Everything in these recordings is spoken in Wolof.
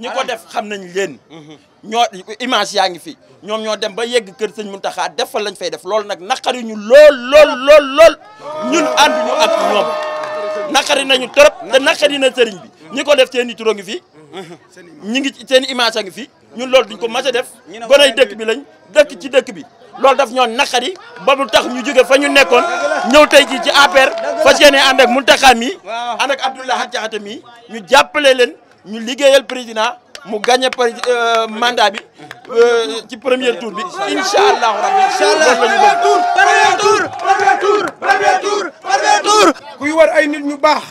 ñi ko def xam nañ leen ñoo image yaa ngi fi ñoom ñoo dem ba yegg kër sañ mun Muntaxa def fa lañ fay def loolu nag naqari ñu lool lool lool lool ñun ànduñu ak ñoom naqari nañu trop te naqari na sëriñ bi ñu ko def seen i tur a ngi fi ñi ngi seen image a ngi fi ñun loolu duñ ko mas a def gonay dëkk bi lañ dëkk ci dëkk bi loolu def ñoo naqari ba mu tax ñu jóge fa ñu nekkoon ñëw tey jii ci APR fas yéene ànd ak Muntaxa mi ànd ak Abdoulaye Diakhaté mi ñu jàppale leen ñu liggéeyal président mu gagné euh, mandat bi euh, ci premier tour bi incha allahu rabbi incha allah premier tour premier tour premier tour premier tour premier tour kuy war ay nit ñu baax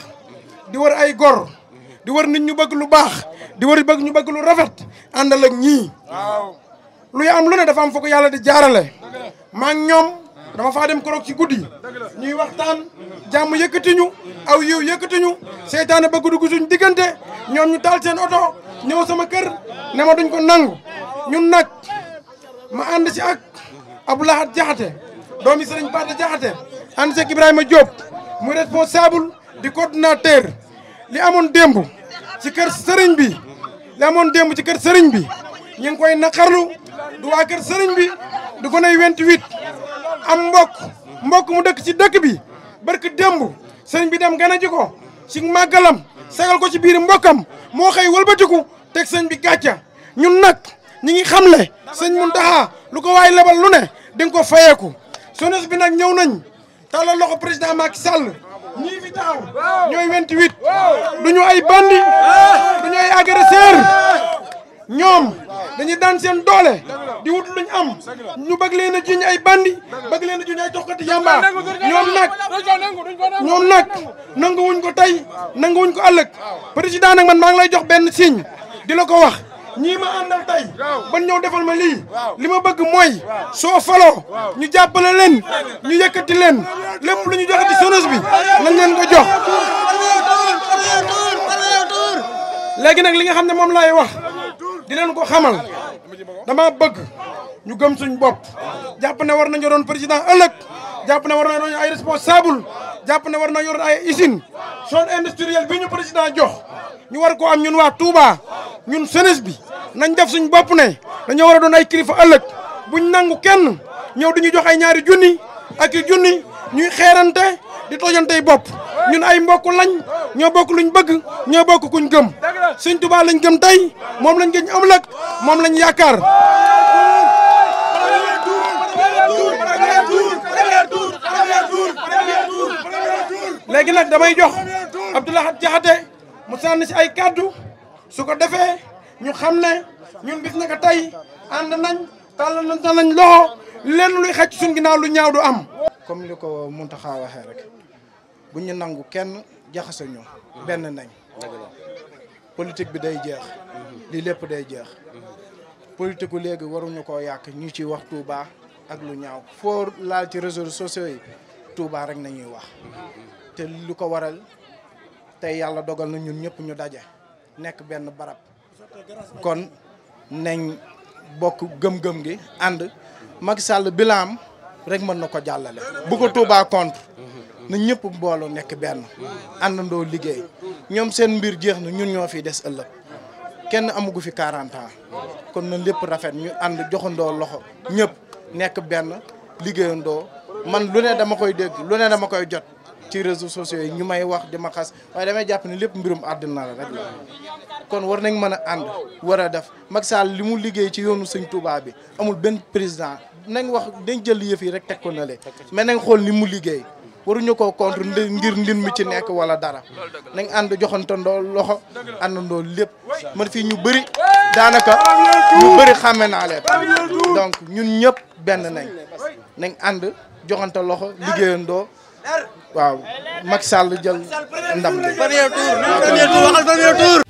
di war ay gor di war nit ñu bëgg lu baax di war bëgg ñu bëgg lu rafet àndal ak ñii waaw lu ya am lu ne dafa am foo ko yàlla di jaarale maa ngi ñoom dama faa dem koroog ci guddi ñuy waxtaan jàmm yëkkatiñu aw yiw yëkkatuñu seytaane bëgg dugg suñ diggante ñoom ñu taal seen oto ñëw sama kër ne ma duñ ko nangu ñun nag ma ànd si ak Abdou Lahad Diakhaté doomi Serigne Bada Diakhaté ànd si ak Ibrahima Diop muy responsable di coordinateur li amoon démb ci kër sëriñ bi li amoon démb ci kër sëriñ bi ñu ngi koy naqarlu du waa kër sëriñ bi du ko nay 28 am mbokk mbokk mu dëkk ci dëkk bi barke dembu sëriñ bi dem gën ko si màggalam sagal ko ci biir mbokam mo xey walbatiku tek sëñ bi gatcha ñun nak ñi ngi xamle sëñ muntaha lu ko way lebal lu ne ding ko fayeku sones bi nak ñew nañ tàllal loxo president Macky Sall ñi fi taw ñoy 28 duñu ay bandi duñu ay agresseur ñom dañuy dan sen doole di wut luñ am ñu bëgg leena a jiñ ay bandi bëgg leena jiñ ay toxkati yamba nak ñom nak nag wuñ ko tey wuñ ko ëlëk président nak man ma nglay jox ben signe di la ko wax ñi ma andal tay ban ñew defal ma li lima bëgg moy so falo ñu jappale leen ñu yëkëti leen lepp luñu jox ci sonos bi lañ leen ko jox nak li nga xamne mom lay wax di len ko xamal dama bëgg ñu gëm suñ bopp jàpp ne war nañu doon président ëllëg jàpp ne war nañu doon ay responsable jàpp ne war nañu yor ay usine zone industrielle bi ñu président jox ñu war ko am ñun waa Touba ñun jeunesse bi nañ def suñ bopp ne dañoo war a doon ay kilifa ëllëg buñ nangu kenn ñëw di ñu jox ay ñaari junni ak i junni ñuy xeerante di tojantey bopp ñun ay mbokk lañ ñoo bokk luñ bëgg ñoo bokk kuñ gëm sëñ Tuubaa lañ gëm tey moom lañ gën ëllëg moom lañ yaakaar léegi nag damay jox Abdoulaye Jaxate mu sànni si ay kàddu su ko defee ñu xam ne ñun bis naka tey ànd nañ na tàllal nañ loxo lenn luy xaj suñ ginnaaw lu ñaaw du am comme li ko Muntaxa waxee rek bu ñu nangu kenn jaxase ñu benn nañ politique bi day jeex di lépp day jeex politique gu léegi waruñu koo yàq ñu ci wax Touba ak lu ñaaw foo laal ci réseaux sociaux yi Touba rek nañuy wax te lu ko waral te yàlla dogal na ñun ñëpp ñu daje nekk benn barab kon nañ bokk gëm-gëm gi ànd mag sàll bilaam rek mën na ko jàllale bu ko Touba contre na ñëpp mbooloo nekk benn àndandoo liggéey ñoom seen mbir jeex na ñun ñoo fi des ëllëg kenn amagu fi 40 ans kon na lépp rafet ñu ànd joxandoo loxo ñëpp nekk benn liggéeyandoo man lu ne dama koy dégg lu ne dama koy jot ci réseau sociaux yi ñu may wax di ma xas waaye damay jàpp ni lépp mbirum àddina la rek kon war nañ mën a ànd war a def Macky Sall li mu liggéey ci yoonu suñ Tuubaa bi amul benn président nañ wax dañ jël yëf yi rek teg ko na le mais nañ xool ni mu liggéey ñu ko contre ngir ndin mi ci nekk wala dara nañ ànd joxantandoo loxo àndandoo lépp man fii ñu bëri daanaka ñu bëri xàmme naa donc ñun ñëpp benn nañ nañ ànd joxante loxo liggéeyandoo waaw Macky Sall jël ndam bi. premier tour